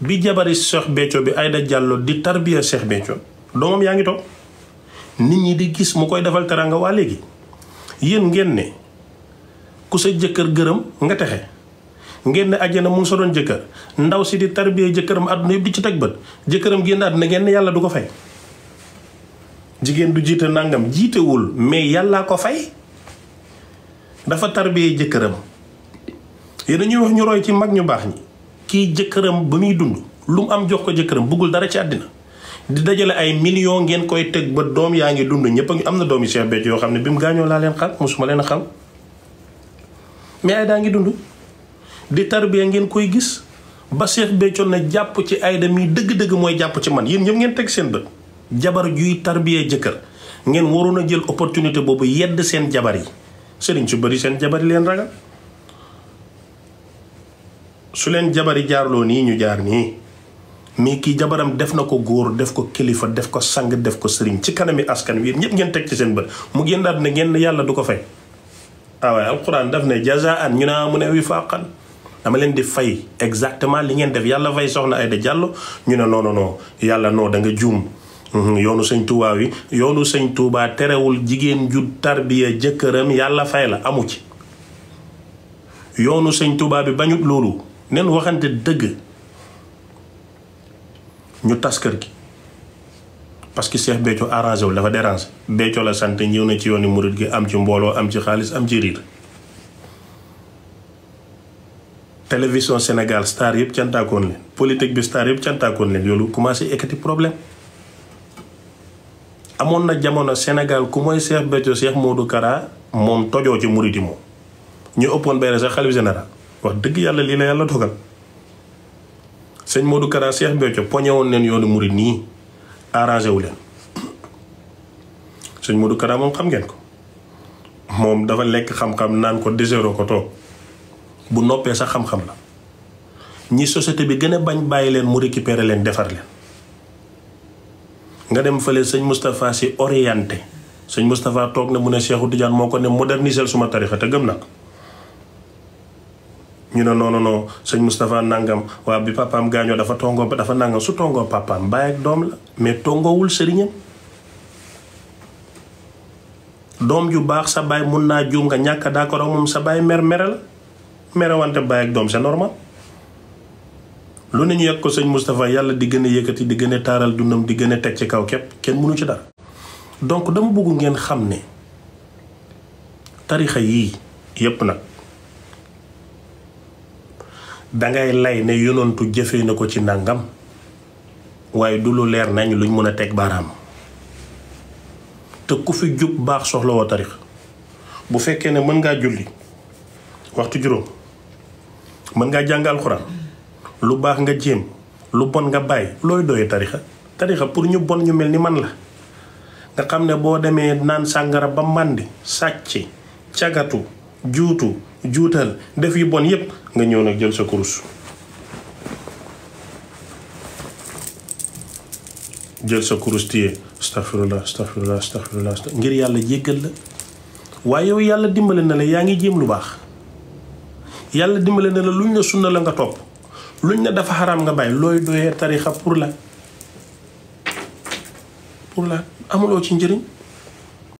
bi jabari Cheikh Béthio bi Aïda Diallo di tarbiya Cheikh Béthio doomam yaa ngi toog nit ñi di gis mu koy defal teranga waa léegi yéen ngeen ne ku sa jëkkër gërëm nga texe ngeen ne àjjana mu sa doon jëkkër ndaw si di tarbiya jëkkëram àdduna yëpp di ci teg bët jëkkëram génn àdduna ngeen ne yàlla du ko fay jigéen du jiite nangam jiitewul mais yàllaa ko fay dafa tarbiya jëkkëram yéen ñuy wax ñu roy ci mag ñu baax ñi kii jëkkëram ba muy dund lu mu am jox ko jëkkëram buggul dara ci àddina di dajale ay millions ngeen koy teg ba doom yaa ngi dund ñëpp a ngi am na doom yu Cheikh Béthio yoo xam ne bi mu gaañoo laa leen xam mosuma leen a xam mais Aïda ngi dund di tarbiya ngeen koy gis ba Cheikh Béthio na jàpp ci Aïda mi dëgg-dëgg mooy jàpp ci man yéen ñëpp ngeen teg seen bët jabar juy tarbiya jëkkër ngeen waroon a jël opportunité boobu yedd seen jabar yi sëriñ su bëri seen jabar leen ragal su leen jabari jaarloo nii ñu jaar nii mais kii jabaram def na ko góor def ko kilifa def ko sang def ko sëriñ ci kanam yi askan wi ñëpp ngeen teg ci seen bët mu génnaat ne ngeen yàlla du ko fay ah waaye alxuraan daf ne jazaan ñu ne mu ne dama leen di fay exactement li ngeen def yàlla fay soxna Aida Diallo ñu ne non non yàlla noo danga nga juum mhm, yoonu sëñ Tuubaa wi yoonu sëñ Tuubaa terewul jigéen ju tarbiya jëkkëram yàlla fay la amu ci yoonu sëñ Tuubaa bi bañut loolu nen waxante dëgg ñu tas kër gi parce que Cheikh Béthio arrangé wu dafa dérangé Béthio la sant ñëw nañ ci yoon yoonu murit gi am ci mbooloo am ci xaalis am ci riir télévision Sénégal star yëpp cantaakoon leen politique bi star yëpp cantaakoon leen yoolu commencé ekkati problème amoon na jamono Sénégal ku mooy Cheikh Béthio Cheikh Modou Kara moom tojoo ci murit yi moom ñu ëppoon benn sax xalif général wax dëgg yàlla lii la yàlla dogal sëñ Modou Kara Cheikh Béthio poñe woon leen yoonu murid nii arrangé wu leen sëñ Modou Kara moom xam ngeen ko moom dafa lekk xam-xam naan ko déséro ko toog bu noppee sax xam-xam la ñi société bi gën a bañ bàyyi leen mu récupérer leen defar leen nga dem fële sëñ Moustapha si orienté sëñ Moustapha toog na mu ne Cheikhou Tidiane moo ko ne modernisel suma tarixa te gëm na ñu ne non non non sëñ Moustapha Nangam waa bi papaam gaañoo dafa tongoo ba dafa nangam su tongoo papaam bàyyi ak doom la mais tongoowul sëriñam doom ju baax sa baay mun naa juum nga ñàkk d'accord ak moom sa baay mer mere la mere wante baay ak doom c'est normal lu ne ñu yegg ko sëñ Moustapha yàlla di gën a yëkkati di gën a taaral dundam di gën a teg ci kaw képp kenn mënu ci dara donc dama bëgg ngeen xam ne tarixa yii yépp nag dangay lay ne yonantu jëfe na ko ci ndàngam waaye du lu leer nañ luñ mën a teg baaraam te ku fi jub baax soxlawoo woo tarix bu fekkee ne mën ngaa julli waxtu juróom mën ngaa jàngal alxuraan lu baax nga jéem lu bon nga bàyyi looy doyee tarixa tarixa pour ñu bon ñu mel ni man la nga xam ne boo demee naan sàngara ba màndi sàcc cagatu juutu juutal def yu bon yépp nga ñëw nag jël sa kurus jël sa kurus téye astaghfirullah astaghfirullah astaghfirullah ngir yàlla jéggal la waaye yow yàlla dimbale na la yaa ngi jéem lu baax yàlla dimbale na la luñ la sunna la nga topp lu luñ ne dafa xaraam nga bàyyi looy doyee tarixa pour la pour la amuloo ci njëriñ